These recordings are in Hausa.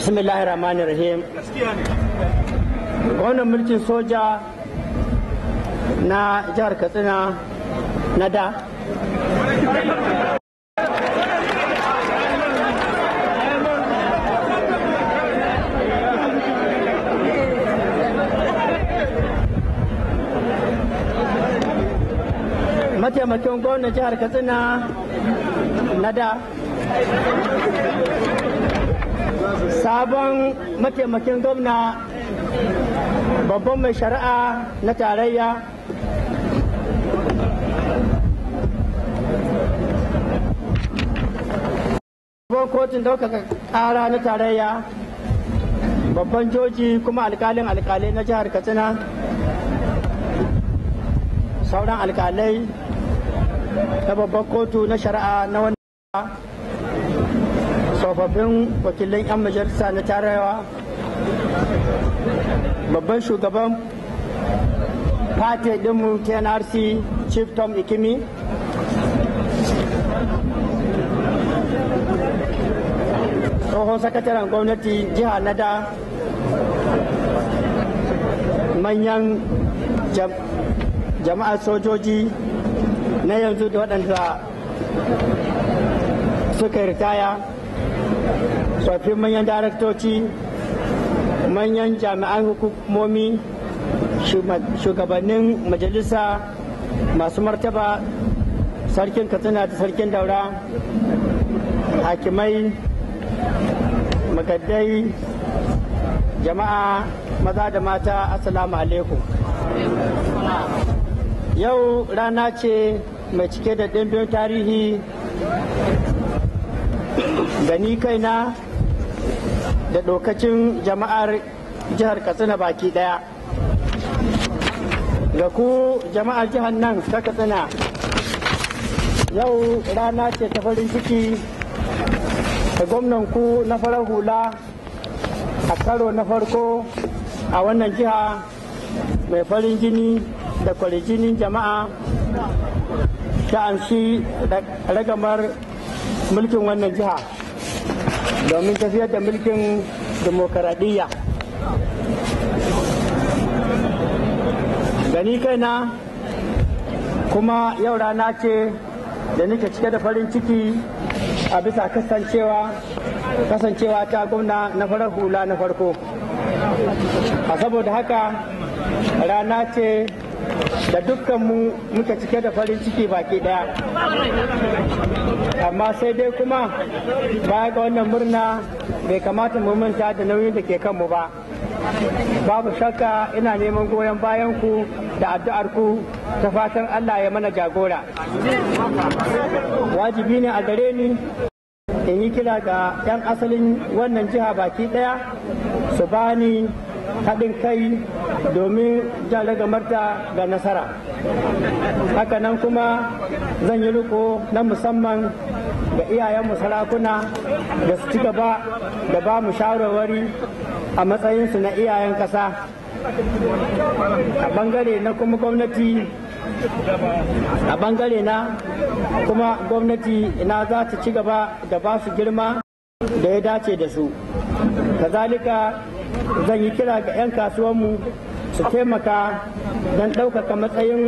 bismillahir rahmanir rahim wannan mulkin soja na jihar katsina na da mataimakin gwamnan jihar katsina na da sabon mataimakin gwamna babban mai shari'a na tarayya babban kotun daukaka kara na tarayya babban joji kuma alkalin alkalai na jihar katsina sauran alkalai na babban kotu na shari'a na wani tsofaffin wakilan 'yan majalisa na tarawa babban shugaban fate dinmu knrc chief tom ikimi tsohon sakataren gwamnati jiha na da manyan jama'ar sojoji na yanzu da waɗanda suka ritaya tsoffin manyan daraktoci manyan jami'an hukumomi shugabannin majalisa masu martaba sarkin katsina da sarkin daura hakimai magaddai jama'a maza da mata asalamu alaikum yau rana ce mai cike da dimbin tarihi da ni kaina da dokacin jama'ar jihar katsina baki ɗaya ga ku jama'ar jihar nan ta katsina yau rana ce ta farin ciki da gwamnan ku na farar hula a karo na farko a wannan jiha mai farin jini da kwarjinin jama'a ta amshi ragamar mulkin wannan jiha domin tafiyar da mulkin demokaradiyya gani kaina kuma yau rana ce da nake cike da farin ciki a bisa kasancewa kasancewa ta gwamna na farar hula na farko a saboda haka rana ce da dukkan mu muka cike da farin ciki baki daya amma sai dai kuma baya ga wannan murna bai kamata mu manta da nauyin da ke kanmu ba babu shakka ina neman goyon bayan ku da addu'ar ku ta fatan Allah ya mana jagora wajibi ne a gare ni in yi kira ga 'yan asalin wannan jiha baki daya su bani haɗin kai domin jan marta ga nasara hakanan kuma zan yi riko na musamman ga iyayenmu sarakuna da su ci gaba da ba mu shawarwari a matsayinsu na iyayen ƙasa a bangare na kuma gwamnati a bangare na kuma gwamnati na za ta ci gaba da ba su girma da ya dace da su kazalika zan yi kira ga 'yan kasuwanmu su taimaka don ɗaukaka matsayin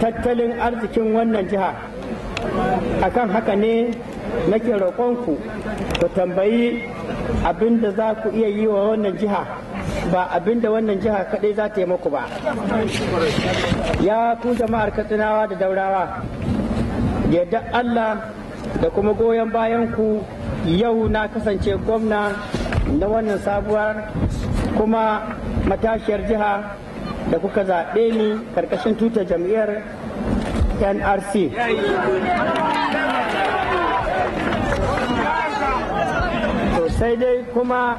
tattalin arzikin wannan jiha akan haka ne nake roƙonku ku tambayi abin da za ku iya yi wa wannan jiha ba abin da wannan jiha kaɗai za ta yi muku ba ya ku jama'ar katsinawa da daurawa yadda allah da kuma goyon bayan ku yau na kasance gwamna na wannan sabuwar kuma matashiyar jiha da kuka zaɓe ni karkashin tuta jam'iyyar nrc sai dai kuma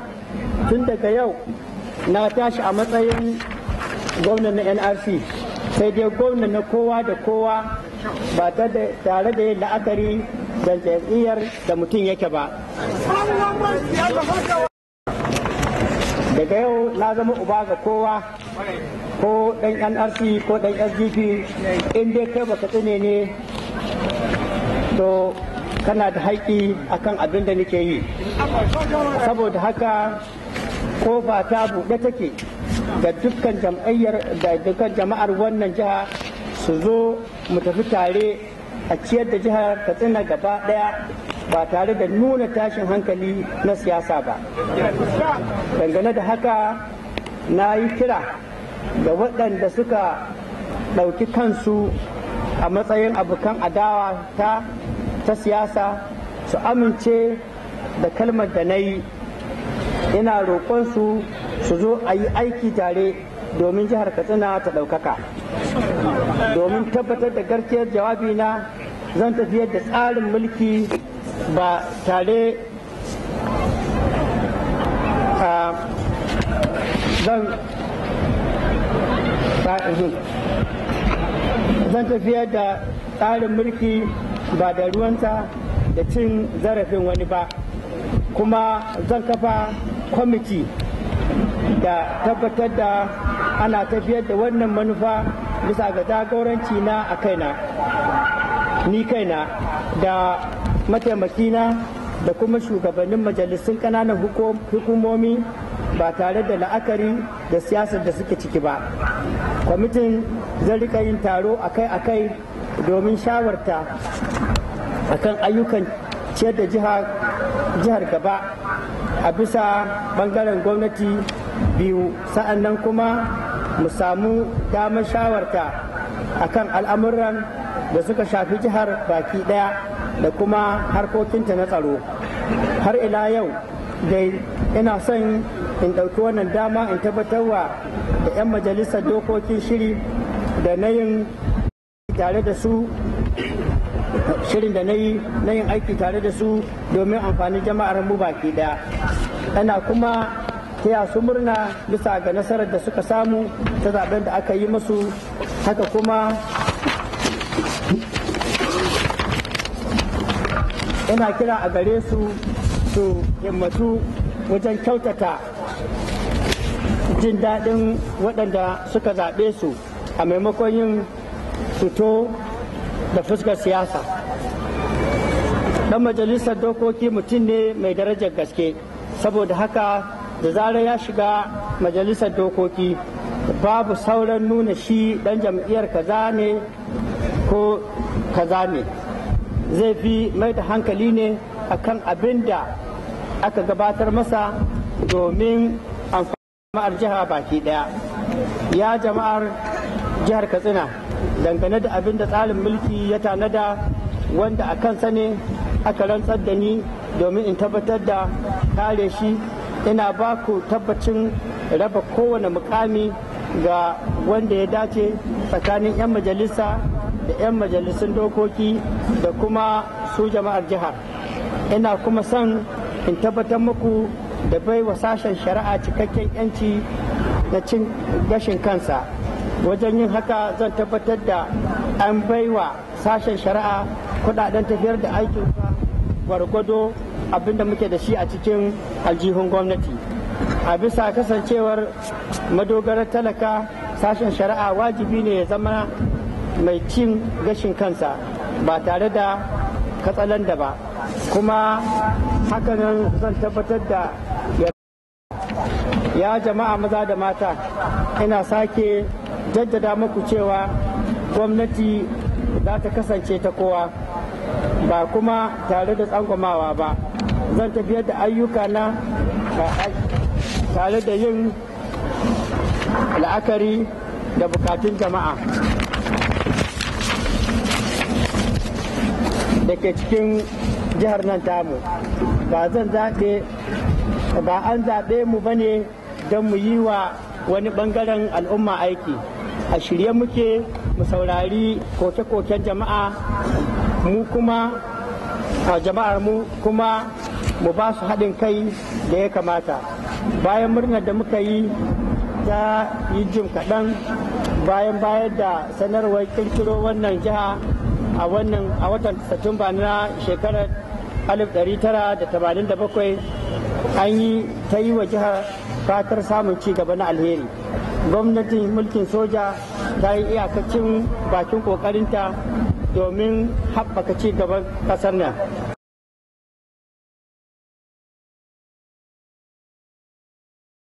tun daga yau na tashi a matsayin gwamna na nrc sai dai gwamna na kowa da kowa ba tare da yin la'akari da jam'iyyar da mutum yake ba daga yau na zama uba ga kowa ko ɗan nrc ko ɗan sdp in dai kai baka tsine ne to kana da haƙƙi akan abin da nake yi saboda haka ba ta buɗe take ga dukkan jam'iyyar da dukkan jama'ar wannan jiha su zo mu tafi tare a ciyar da jihar katsina gaba ɗaya ba tare da nuna tashin hankali na siyasa ba dangane da haka na yi kira da waɗanda suka ɗauki kansu a matsayin abokan adawa ta ta siyasa su amince da kalmar da na yi ina roƙonsu su zo a yi aiki tare domin jihar katsina ta ɗaukaka domin tabbatar da garkiyar jawabina zan tafiyar da tsarin mulki ba tare zan zan tafiyar da tsarin mulki ba da ruwanta da cin zarafin wani ba kuma zan kafa kwamiti da tabbatar da ana tafiyar da wannan manufa bisa ga jagoranci na a kaina ni kaina da mataimakina da kuma shugabannin majalisun ƙananan hukumomi ba tare da la'akari da siyasar da suke ciki ba kwamitin zai rika yin taro akai-akai domin shawarta akan ayyukan ciyar da jihar gaba a bisa bangaren gwamnati biyu sa'an nan kuma mu samu damar shawarta akan al'amuran da suka shafi jihar baki ɗaya. da kuma harkokinta na tsaro har ila yau dai ina son in ɗauki wannan dama in tabbatarwa da 'yan majalisar dokokin shiri da na yin tare da su shirin da na yin aiki tare da su domin amfanin jama'ar mu baki ɗaya ana kuma taya su murna bisa ga nasarar da suka samu ta zaben da aka yi musu haka kuma ina kira a gare su su himmatu wajen kyautata jin daɗin waɗanda suka zaɓe su a maimakon yin fito da fuskar siyasa ɗan majalisar dokoki mutum ne mai darajar gaske saboda haka da zarar ya shiga majalisar dokoki babu sauran nuna shi ɗan jam'iyyar kaza ne ko kaza ne zai fi mai da hankali ne a kan abin da aka gabatar masa domin jama'ar jiha baki daya ya jama'ar jihar katsina dangane da abin da tsarin mulki ya tanada wanda a kansa ne aka rantsar da ni domin in tabbatar da kare shi ina ba ku tabbacin raba kowane mukami ga wanda ya dace tsakanin 'yan majalisa da 'yan majalisun dokoki da kuma su jama'ar jihar ina kuma son in tabbatar muku da baiwa sashen shari'a cikakken 'yanci na cin gashin kansa wajen yin haka zan tabbatar da an bai wa sashen shari'a kudaden tafiyar da aikin gwargwado abinda muke da shi a cikin aljihun gwamnati a bisa kasancewar madogarar talaka sashen shari'a wajibi ne ya zama mai cin gashin kansa ba tare da katsalanda ba kuma hakanan zan tabbatar da ya jama'a maza da mata ina sake jaddada muku cewa gwamnati za ta kasance ta kowa ba kuma tare da tsangwamawa ba zan tafiyar da ayyuka na tare da yin la'akari da bukatun jama'a da ke cikin jihar nan tamu ba zan zaɓe ba an zaɓe mu ba ne don mu yi wa wani ɓangaren al'umma aiki a shirye muke mu saurari koke-koken jama'a mu kuma a jama'ar mu kuma mu ba su haɗin kai da ya kamata bayan murnar da muka yi ta yi jim kaɗan bayan bayar da sanarwar kirkiro wannan jiha a wannan a watan satumba na shekarar 1987 an yi ta yi wa jihar fatar samun ci gaba na alheri gwamnatin mulkin soja ta yi iyakacin bakin kokarinta domin haɓaka ci gaban ƙasar nan